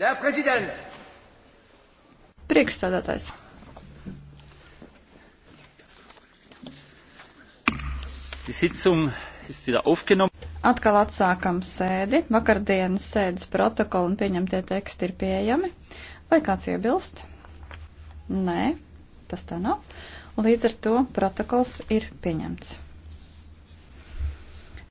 Der Präsident! Priekšstādātājs. Die Sitzung ist wieder aufgenommen. Atkal atsākam sēdi. Vakardienas sēdes protokoli un pieņemtie teksti ir pieejami. Vai kāds iebilst? Nē, tas tā nav. Līdz ar to protokols ir pieņemts.